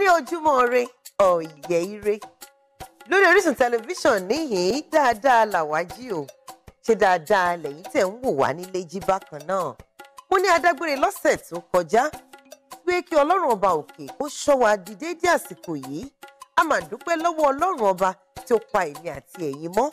lórí ojúmọ́ ire ọ̀yẹ́ ire lórí Orísun tẹlifíṣàn níhìn dáadáa làwájí o ṣe dáadáa lẹ́yìn tẹ̀ ń wò wá nílé jí bákan náà mo ní adágbére lọ́sẹ̀ tó kọjá pé kí ọlọ́run ọba òkè kó ṣọ́ wa dìde dé àsìkò yìí a máa dúpẹ́ lọ́wọ́ ọlọ́run ọba tí pa èmi àti ẹ̀yin mọ́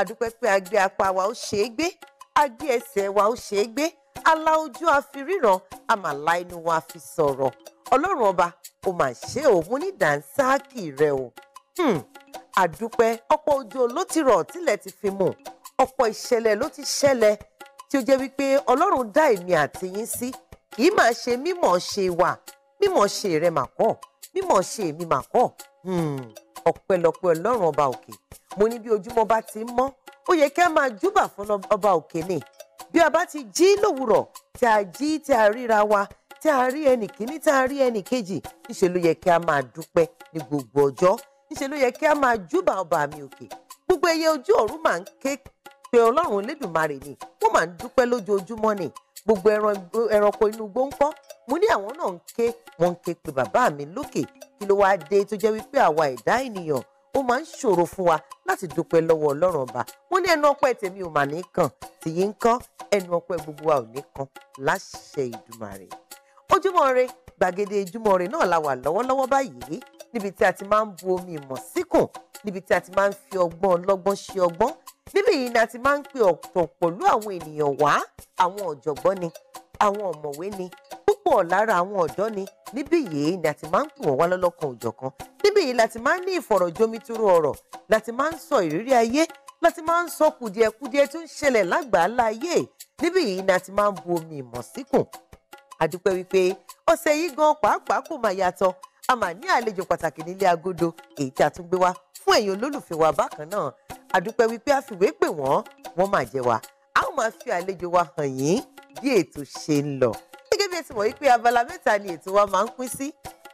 àdúpẹ́ pé a apá wa ó ṣe é gbé a ẹsẹ̀ wa ó ṣe é gbé ala ojú a fi ríran a máa la inú wa fi sọ̀rọ̀ ọlọ́run ọba ó mà ṣe ò mú ní dànsáàkì rẹ o hmm, àdúpẹ́ ọ̀pọ̀ òjò ló ti rọ̀ tílẹ̀ ti fi mú ọ̀pọ̀ ìṣẹ̀lẹ̀ ló ti ṣẹlẹ̀ tí ó jẹ́ wípé ọlọ́run dá èmi àti yín sí kì í máa ṣe mímọ̀ ṣe wà mímọ̀ ṣe rẹ mà kọ́ mímọ̀ ṣe èmi mà kọ́ hmm, ọpẹ́lọpẹ́ ọlọ́run ọba òkè mo ní bí ojúmọ́ bá ti ń mọ́ ó yẹ kí a máa júbà fún ọba òkè ni bí a bá ti jí lówùrọ̀ tí a jí tí a ríra wa tá a rí ẹnì kíní tá a rí ẹnì kejì níṣẹ́ ló yẹ kí a máa dúpẹ́ ní gbogbo ọjọ́ níṣẹ́ ló yẹ kí a máa júbà ọba mi òkè gbogbo ẹyẹ ojú ọ̀run máa ń ké pé ọlọ́run Elédùmarè ni wọ́n máa ń dúpẹ́ lójoojúmọ́ ni gbogbo ẹranko inú igbó ń kọ́ mo ní àwọn náà ń ké wọ́n ń ké pé bàbá mi lókè kí ló wáá dé tó jẹ́ wípé àwa ẹ̀dá ènìyàn ó máa ń ṣòro fún wa láti dúpẹ́ lọ́wọ́ ọlọ́run ọba wọ́n ní ẹnu ọpẹ́ tèmi ò mà ní kàn tìyí ń kọ́ ẹnu ọpẹ́ gbogbo wa ò ní kàn láṣẹ Ìdùmarè ojúmọ́ re gbàgede ojúmọ́ re náà la wà lọ́wọ́lọ́wọ́ báyìí níbi tí a ti máa ń bu omi ìmọ̀ síkùn níbi tí a ti máa ń fi ọgbọ́n ọlọ́gbọ́n ṣe ọgbọ́n níbí yìí ni a ti máa ń pe ọ̀pọ̀ pọ̀lú àwọn ènìyàn wá àwọn ọ̀jọ̀gbọ́n ni àwọn ọ̀mọ̀wé ni púpọ̀ lára àwọn ọ̀dọ́ ni níbí yìí ni a ti máa ń pè wọ́n wá lọ́lọ́kan òjọ̀kan níbí yìí la ti máa ń ní ìfọ̀rọ̀jomitoro ọ̀rọ̀ la ti máa ń sọ ìrírí ayé la ti máa ń sọ kùdìẹ̀kudiẹ tó ń ṣẹlẹ̀ lágbàá láyé níbí yìí ni a ti máa ń bu omi ìmọ̀ síkùn àdúpẹ́ wípé ọ̀sẹ̀ yìí gan pàápàá kò máa yàtọ̀ a máa ní àlejò pàtàkì nílé agodo èyí tí a tún gbé wá fún ẹ̀yin olólùfẹ́ wa bákan náà àdúpẹ́ wípé a fìwé pè wọ́n wọ́n máa jẹ wa a ó máa fi àlejò wa hàn yín bí ètò ṣe ń lọ. gẹ́gẹ́ bí ẹ ti mọ̀ wípé abala mẹ́ta ni ètò wa máa ń pín sí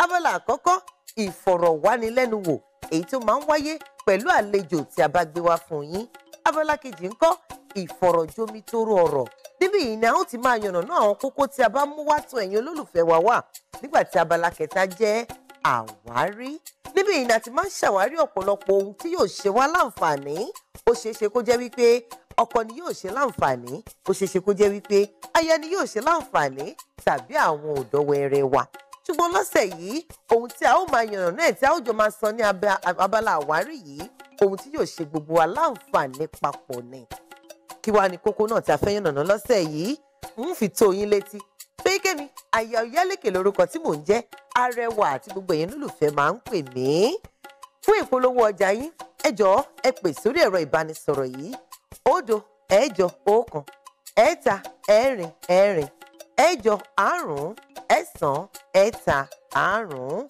abala àkọ́kọ́ ìfọ̀rọ̀wánilẹ́nuwò èyí tó máa ń wáyé pẹ̀lú àlejò tí a bá gbé wá fún yín abala kejì ńkọ́ ìfọ̀rọ̀jomitoro ọ̀rọ̀ níbí yìí ni a ó ti máa yànnàná àwọn kókó tí a bá mú wá tó ẹ̀yin olólùfẹ́ wa wà nígbà tí abala kẹta jẹ́ àwárí níbí yìí ni a ti máa ń ṣàwárí ọ̀pọ̀lọpọ̀ ohun tí yóò ṣe wá láǹfààní ó ṣeé ṣe kó jẹ́ wípé ọkọ ni yóò ṣe láǹfààní ó ṣeé ṣe kó jẹ́ wípé aya ni yóò ṣe láǹfààní tàbí àwọn ọ̀dọ́ wẹrẹ wa ṣùgbọ́n lọ́sẹ̀ yìí ohun tí a ó máa yànnàná ẹ̀ tí a ó jọ máa sọ ní abala àwárí yìí ohun tí yóò ṣe gbogbo wa láǹfààní papọ̀ ni kí wàá ní kókó náà tí a fẹ́ yànnàná lọ́sẹ̀ yìí ń fi tó yín létí Fẹ́yìkémi àyà Ọ̀yálékè lórúkọ tí mò ń jẹ́ arẹwà àti gbogbo èèyàn lólùfẹ́ máa ń pè mí fún ìpolówó ọjà yín ẹ jọ̀ọ́ ẹ pè sórí ẹ̀rọ ìbánisọ̀rọ̀ yìí òdo ẹ̀jọ ọ̀kan ẹ̀ta ẹ̀rin ẹ̀rin ẹ̀jọ àrún ẹ̀sán ẹ̀ta àrún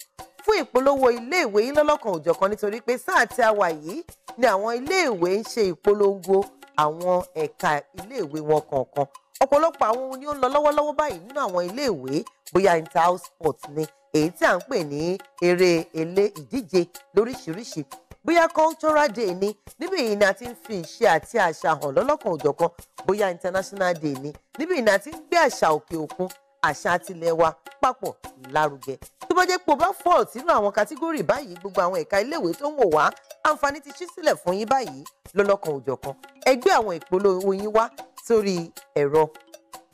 fún ìpolówó iléèwé yín lọ́lọ́kan òjọ̀kan nítorí pé sáà tí a wà yìí ni àwọn iléèwé ń ṣe ìpolongo àwọn ẹ̀ka iléèwé wọn kọ̀ọ̀kan ọ̀pọ̀lọpọ̀ àwọn ohun ni ó ń lọ lọ́wọ́lọ́wọ́ báyìí nínú àwọn iléèwé bóyá interhouse sport ni èyí tí à ń pè ní eré elé ìdíje lóríṣiríṣi bóyá cultural day ni níbí yìí ni a ti ń fi ìṣe àti àṣà hàn lọ́lọ́kan òjọ̀kan bóyá international day ni níbí yìí ni a ti ń gbé àṣà òkè òkun àṣà tilẹ̀ wa papọ̀ lárugẹ. tó bá jẹ́ pé o bá fọ́ọ̀ sínú àwọn kátígórì báyìí gbogbo àwọn ẹ̀ka iléèwé tó ń wò wá àǹfààní ti ṣí sílẹ̀ fún yín báyìí lọ́lọ́kan òjọ̀kan ẹ gbé àwọn ìpolówó yín wá sórí ẹ̀rọ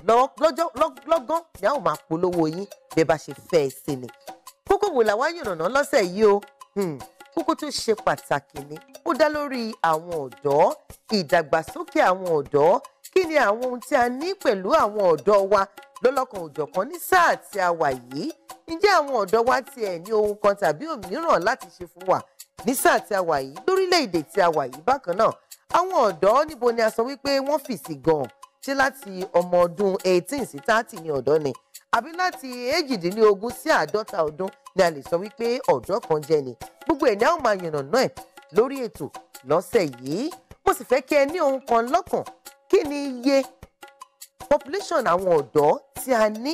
lọ́gán ni a ó máa polówó yín bẹ́ẹ̀ bá ṣe fẹ́ ẹ sí ni. kókó wò làwa yànnàná lọ́sẹ̀ yìí o hmm, kókó tó ṣe pàtàkì ni ó dá lórí àwọn ọ̀dọ́ ìdàgbàsókè àwọn ọ̀dọ́ kí ni àwọn ohun tí a ní pẹ̀lú àwọn ọ̀dọ́ wa lọ́lọ́kan òjọ̀kan ní sáà tí a wà yìí ǹjẹ́ àwọn ọ̀dọ́ wa ti ẹ̀ ní ohun kan tàbí òmíràn láti ṣe fún wa ní sáà tí a wà yìí lórílẹ̀‐èdè tí a wà yìí bákan náà àwọn ọ̀dọ́ níbo ni a sọ wípé wọ́n fì sí gan-an láti ọmọ ọdún eighteen sí thirty ni ọ̀dọ́ ni àbí láti èjìdínlógún sí àádọ́ta ọdún ni a lè sọ wípé ọ̀dọ́ kan jẹ́ ni gbogbo ẹ̀ ní àwọn máa yànnàná ẹ̀ lórí ètò lọ́sẹ̀ yìí mo sì fẹ́ kí ẹ ní ohun kan lọ́kàn kí ni iye population àwọn ọ̀dọ́ tí a ní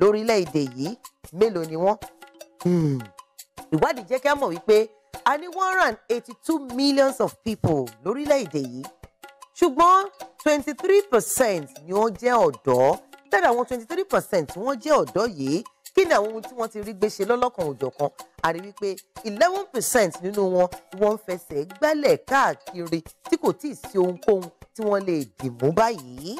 lórílẹ̀‐èdè yìí mélòó ni wọ́n. Hmm. ìwádìí jẹ́ kí a mọ̀ wípé a ní one hundred and eighty two millions of people lórílẹ̀‐èdè yìí ṣùgbọ́n twenty three percent ni wọ́n jẹ́ ọ̀dọ́ lára àwọn twenty three percent tí wọ́n jẹ́ ọ̀dọ́ yìí kí ni àwọn ohun tí wọ́n ti rí gbé ṣe lọ́lọ́kan òjọ̀kan àrí wípé eleven percent nínú wọn wọ́n ń fẹsẹ̀ gbálẹ̀ káàkiri tí kò tíì sí ohunkóhun tí wọ́n lè dìmú báyìí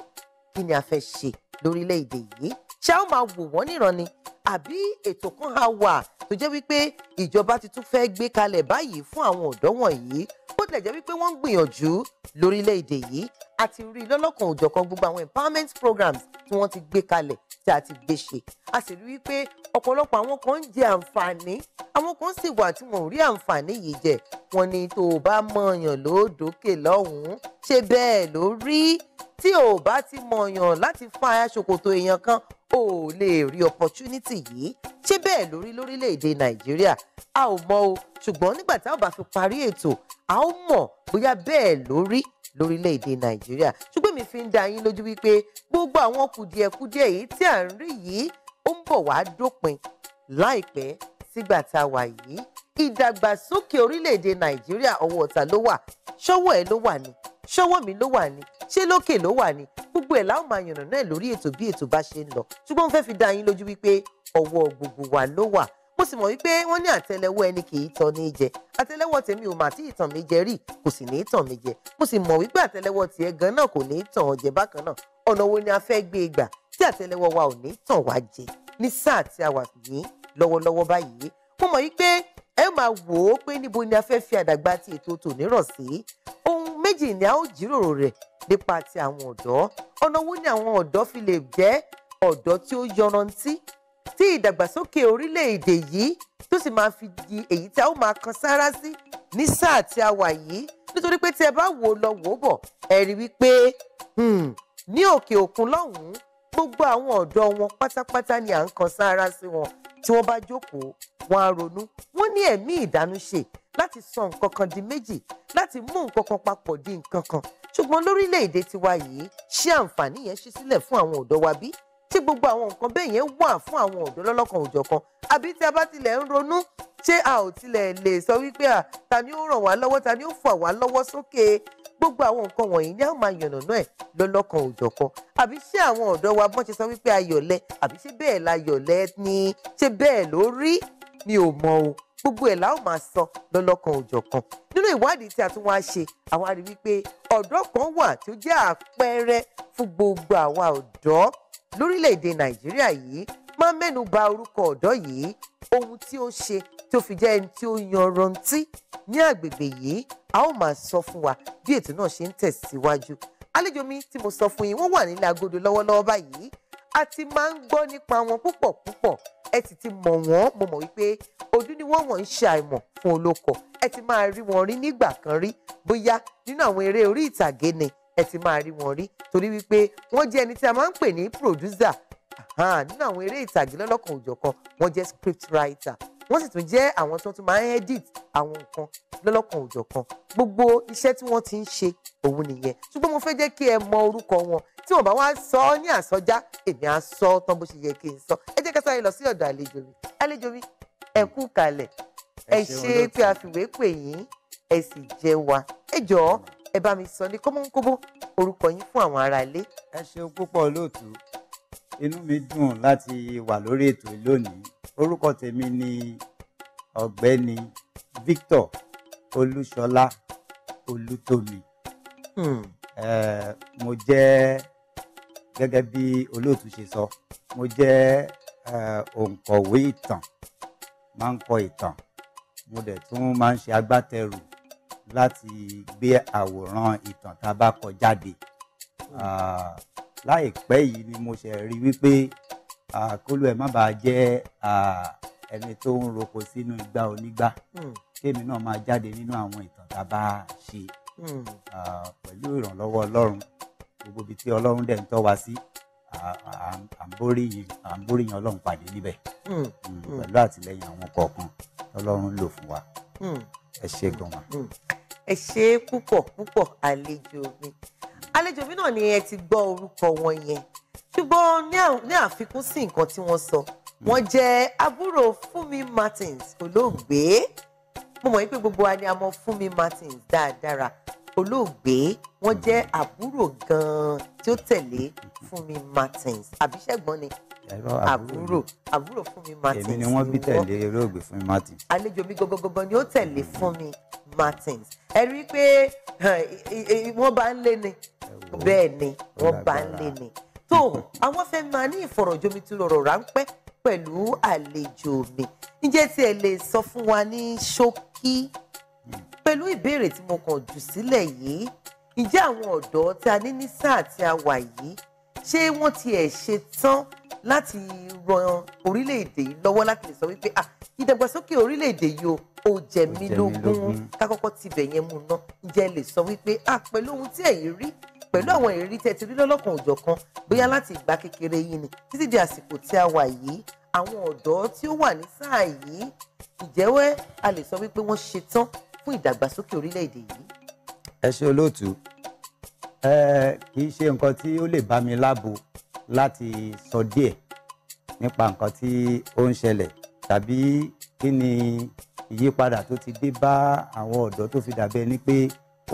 kí ni a fẹ́ ṣe lórílẹ̀‐èdè yìí ṣé a máa wò wọ́n níran ni àbí ètò kan á wà tó jẹ́ wípé ìjọba ti tún fẹ́ gbé kalẹ̀ báyìí fún àwọn ọ̀dọ́ wọ̀nyí bó tilẹ̀ jẹ́ wípé wọ́n ń gbìyànjú lórílẹ̀‐èdè yìí àti rí lọ́lọ́kan òjọ̀kan gbogbo àwọn empowerment programs tí wọ́n ti gbé kalẹ̀ tí a ti gbé ṣe a sì rí wípé ọ̀pọ̀lọpọ̀ àwọn kan ń jẹ àǹfààní àwọn kan sì wà tí wọn ò rí àǹfààní yìí jẹ wọn ni tó o bá mọ̀ọ̀yàn lóòdókè lọ́hùn-ún ṣe bẹ́ẹ̀ ló rí tí o bá ti mọ̀ọ̀yàn láti fa aṣòkòtò èèyàn kan o lè rí opportunity yìí ṣe bẹ́ẹ̀ ló lórílẹ̀‐èdè nàìjíríà a ò mọ̀ o ṣùgbọ́n nígbà tá a bá fi parí ètò a ó mọ̀ bóyá bẹ́ẹ̀ ló lórílẹ̀‐èdè nàìjíríà ṣùgbọ́n mi fi ń dá yín lójú wípé gbogbo àwọn kùdìẹ̀kudiẹ yìí tí à ń rí yìí ó ń bọ̀ wá dópin láìpẹ́ sígbà tá a wà yìí ìdàgbàsókè orílẹ̀‐èdè nàìjíríà ọwọ́ ọ̀tà ló wà ṣọ́wọ́ ẹ ló wà ní ṣọ́wọ́ mi ló wà ní ṣé lókè ló wà ní gbogbo ẹ̀ láwọn máa yànnà náà lórí ètò bí ètò bá ṣe ń lọ ṣùgbọ́n mo fẹ́ fi dá yín lójú wípé ọwọ́ gbogbo wa ló wà mo sì mọ̀ wípé wọ́n ní àtẹ́lẹwọ́ ẹni kì í tọ́ ní jẹ àtẹ́lẹwọ́ tèmi ò mà tí ìtàn mi jẹ rí kò sì ní tàn mí jẹ mo sì mọ̀ wípé àtẹ́lẹwọ́ tiẹ̀ gan náà kò ní tàn ọ jẹ bákan náà ọ̀nà wo ni a fẹ́ gbé e gbà tí àtẹ́lẹwọ́ wa ò ní tàn wá jẹ ní sáà tí a wà ní lọ́wọ́lọ́wọ́ báyìí mo mọ̀ wípé ẹ máa wò ó pé níbo ni a fẹ́ fi àdàgbà ti ètò tòní rọ̀ sí ohun méjì ni a ó jíròrò rẹ̀ nípa ti àwọn ọ̀dọ́ ọ̀nà wo ni àwọn ọ̀dọ́ fi lè jẹ́ ọ̀dọ́ tí ó yọrantí sí ìdàgbàsókè orílẹ̀-èdè yìí tó sì máa fi di èyí tí a ó máa kan sáárá sí ní sáà tí a wà yìí nítorí pé tí ẹ bá wò lọ wò bọ̀ ẹ rí wípé hmm, ní òkè òkun lọ́hùn-ún gbogbo àwọn ọ̀dọ́ wọn pátápátá ni à ń kan sáárá sí wọn tí wọ́n bá jókòó wọn á ronú wọ́n ní ẹ̀mí ìdánúṣe láti sọ nǹkan kan di méjì láti mú nǹkan kan papọ̀ di nǹkan kan ṣùgbọ́n lórílẹ̀‐èdè tiwa yìí ṣé àǹfààní yẹn ṣí sílẹ̀ fún àwọn ọ̀dọ́ wa bí tí gbogbo àwọn nǹkan bẹ́ẹ̀ yẹn wà fún àwọn ọ̀dọ́ lọ́lọ́kan òjọ̀kan àbí tí a bá tilẹ̀ ń ronú ṣé a ò tilẹ̀ lè sọ wípé à ta ni ó ràn wá lọ́wọ́ ta ni ó fà wá lọ́wọ́ sókè gbogbo àwọn nǹkan wọ̀nyí ni a máa yànnà náà ẹ̀ lọ́lọ́kan òjọ̀kan àbí ṣé àwọn ọ̀dọ́ wa bọ́n ṣe sọ wípé ayọ̀lẹ àbí ṣé bẹ́ẹ̀ la yọ̀lẹ ni ṣé bẹ́ẹ̀ ló rí mi ò mọ o gbogbo ẹ̀ la ó máa sọ lọ́lọ́kan òjọ̀kan nínú ìwádìí tí a tún wá ṣe àwa rí wípé ọ̀dọ́ kan wà tó jẹ́ àpẹẹrẹ fún gbogbo àwa ọ̀dọ́ lórílẹ̀‐èdè nàìjíríà yìí máa mẹ́nu ba orúkọ ọ̀dọ́ yìí ohun tí ó ṣe tó fi jẹ́ ẹni tí ó yanrantí ní àgbègbè yìí a ó máa sọ fún wa bí ètò náà ṣe ń tẹ̀síwájú àlejò mi tí mo sọ fún yín wọ́n wà nílẹ̀ agodo lọ́wọ́lọ́wọ́ báyìí a ti máa ń gbọ́ nípa wọn púpọ̀ púpọ̀ ẹ sì ti mọ̀ wọ́n mo mọ̀ wípé ojú ni wọ́n wọ̀ ń ṣe àìmọ̀ fún olóko ẹ ti máa rí wọn rí nígbà kan rí bóyá nínú àwọn eré orí ìtàgé ni ẹ ti máa rí wọn rí torí wípé wọ́n jẹ́ ẹni tí a máa ń pè ní producer nínú àwọn eré ìtàgé lọ́lọ́kan òjọ̀kan wọ́n jẹ́ script writer wọ́n sì tún jẹ́ àwọn tó tún máa ń edit àwọn nǹkan lọ́lọ́kan òjọ̀kan gbogbo iṣẹ́ tí wọ́n ti ń ṣe òun nìyẹn ṣùgbọ́n mo fẹ́ jẹ́ kí ẹ mọ orúkọ wọn tí wọ́n bá wá sọ ọ́ ní àsọjá èmi á sọ ọ́ tán bó ṣe yẹ kí n sọ ẹ jẹ́ ká sáré lọ sí ọ̀dọ̀ àlejò mi àlejò mi ẹ kú kalẹ̀ ẹ ṣe pé a fìwé pè yín ẹ sì jẹ wa ẹ jọ̀ọ́ ẹ bá mi sọ ní kómọ́nkóbó orúkọ yín fún àwọn ará ilé. ẹ ṣeun púpọ̀ lóòtú inú mi dùn láti wà lórí ètò lónìí orúkọ tèmi ni ọ̀gbẹ́ni Victor Olúṣọlá Olútómi hmm. eh, mo jẹ́ gẹ́gẹ́ bí olóòtú ṣe sọ mo jẹ́ òǹkọ̀wé ìtàn máa ń kọ ìtàn mo dẹ̀ tún máa ń ṣe agbátẹrù láti gbé àwòrán ìtàn tá a bá kọ jáde láìpẹ́ yìí ni mo ṣe rí wípé kólú ẹ̀ má bàa jẹ́ ẹni tó ń roko sínú igbá onígbá hmm. kémi náà máa jáde nínú àwọn ìtàn tá a bá ṣe hmm. pẹ̀lú ìrànlọ́wọ́ ọlọ́run gbogbo ibi tí ọlọ́run dẹ̀ ń tọ́ wa sí à ń bóríyìn à ń bóríyìn ọlọ́run pàdé níbẹ̀ hmm. pẹ̀lú àtìlẹyìn àwọn kọ̀ọ̀kan ọlọ́run lò fún wa ẹ ṣe gan wa ẹ ṣe púpọ̀ púpọ̀ àlejò mi àlejò mi náà ni ẹ ti gbọ́ orúkọ wọn yẹn ṣùgbọ́n ní àfikún sí nǹkan tí wọ́n sọ hmm. wọ́n jẹ́ àbúrò Fúnmi Martins olóògbé mo mọ̀ wípé gbogbo wa ni a mọ̀ Fúnmi Martins dáadáa olóògbé wọ́n jẹ́ àbúrò gan-an tí ó tẹ̀lé Fúnmi Martins àbíṣẹ́gbọ́n ni àbúrò àbúrò Fúnmi Martins èmi ni wọ́n bí tẹ̀lé olóògbé Fúnmi Martins. àlejò mi gọgọgọgọ ni ó tẹ̀lé Fúnmi Martins ẹ rí i pé wọ́n bá ń lé ni bẹ́ẹ̀ ni wọ́n bá ń lé ni tó àwọn fẹ́ máa ní ìfọ̀rọ̀jomitoro ọ̀rọ̀ ráńpẹ́ pẹ̀lú àlejò mi ǹjẹ́ tí ẹ lè sọ fún wa ní ṣókí pẹ̀lú ìbéèrè tí mo kàn jù sílẹ̀ yìí ǹjẹ́ àwọn ọ̀dọ́ tí a ní ní sáà tí a wà yìí ṣé wọ́n tiẹ̀ ṣe tán láti ran orílẹ̀-èdè yìí lọ́wọ́ láti lè sọ wípé ah ìdàgbàsókè orílẹ̀-èdè yìí o ó jẹ mí lógún ká kọ́kọ́ tibẹ̀ yẹn mú ná ǹjẹ́ lè sọ wípé ah pẹ̀lú ohun tí ẹ̀yin rí pẹ̀lú àwọn ìrírí tẹ́ ti rí lọ́lọ́kan òjọ̀ kan bóyá láti ìgbà kékeré yìí ni títí di àsìkò tí a wà yìí àwọn ọ̀dọ́ tí ó wà ní sáà yìí ìjẹ́wẹ́ a lè sọ wípé wọ́n ṣe tán fún ìdàgbàsókè orílẹ̀-èdè yìí. ẹ ṣe olóòtú ẹ kì í ṣe nǹkan tí ó lè bá mi lábo láti sọ díẹ̀ nípa nǹkan tí ó ń ṣẹlẹ̀ tàbí kí ni ìyípadà tó ti dé bá àwọn ọ̀dọ́ tó fi dàbẹ́ ni pé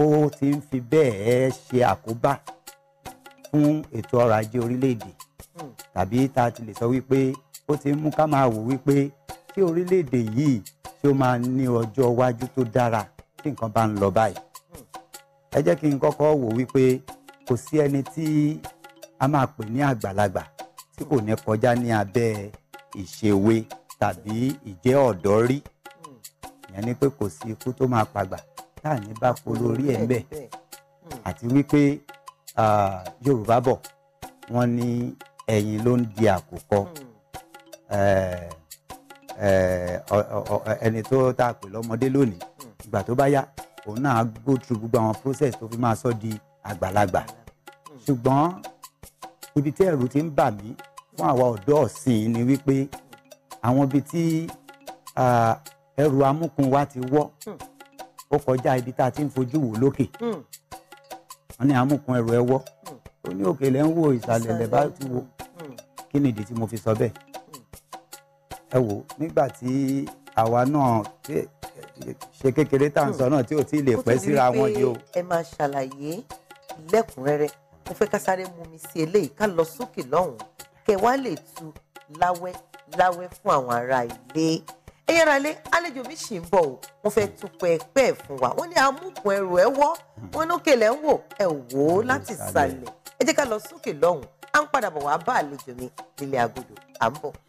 ó ti ń fi bẹ́ẹ̀ ṣe àkóbá fún ètò ọrọ̀ ajé orílẹ̀-èdè hmm. tàbí tá ti lè sọ wípé ó ti ń mú ká máa wò wípé tí orílẹ̀-èdè yìí tí ó máa ní ọjọ́ iwájú tó dára tí nǹkan bá ń lọ báyìí ẹ jẹ́ kí n kọ́kọ́ wò wípé kò sí ẹni tí a máa pè ní àgbàlagbà tí kò ní kọjá ní abẹ́ ìṣèwé tàbí ìjẹ́ ọ̀dọ́ rí ìyẹn ni pé kò sí ikú tó máa pàgbà tá à ní bá polórí ẹ̀ bẹ́ẹ̀ àti wípé Yorùbá bọ̀ wọ́n ní ẹ̀yìn ló ń di àkùkọ ẹni tó tá a pè lọ́mọdé lónìí ìgbà tó bá yá òun náà go through gbogbo àwọn process tó fi máa sọ di àgbàlagbà ṣùgbọ́n ibi tí ẹ̀rù ti ń bà mí fún àwa ọ̀dọ́ ọ̀sìn ni wípé àwọn ibi tí ẹrù amúkun wa ti wọ́ ó kọjá ibi tá a ti ń fojú wò lókè wọ́n ní amúkun ẹrù ẹ wọ́ ó ní òkè lẹ́ ń wo ìsàlẹ̀ lẹ́ bá ti wo kí nìdí tí mo fi sọ bẹ́ẹ̀ ẹ wò nígbà tí àwa náà ṣe kékeré tá à ń sọ náà tí ò tí ì lè pẹ́ síra wọn yìí o. ẹ máa ṣàlàyé lẹ́kùnrẹ́rẹ́ mo fẹ́ ká sáré mu mi sí eléyìí ká lọ sókè lọ́hùn-ún kẹ wá lè tu láwẹ́ láwẹ́ fún àwọn ará ilé ẹ̀yin ará ilé àlejò mi ṣì ń bọ̀ o wọ́n fẹ́ tún pẹ́ẹ́pẹ́ fún wa wọ́n ní amúkùn ẹrù ẹ wọ́ wọ́n ní òkè lẹ́ ń wò ẹ wò ó láti sàlẹ̀ ẹ jẹ́ ká lọ sókè lọ́hùn-ún à ń padà bọ̀ wá bá àlejò mi nílé agodo à ń bọ̀.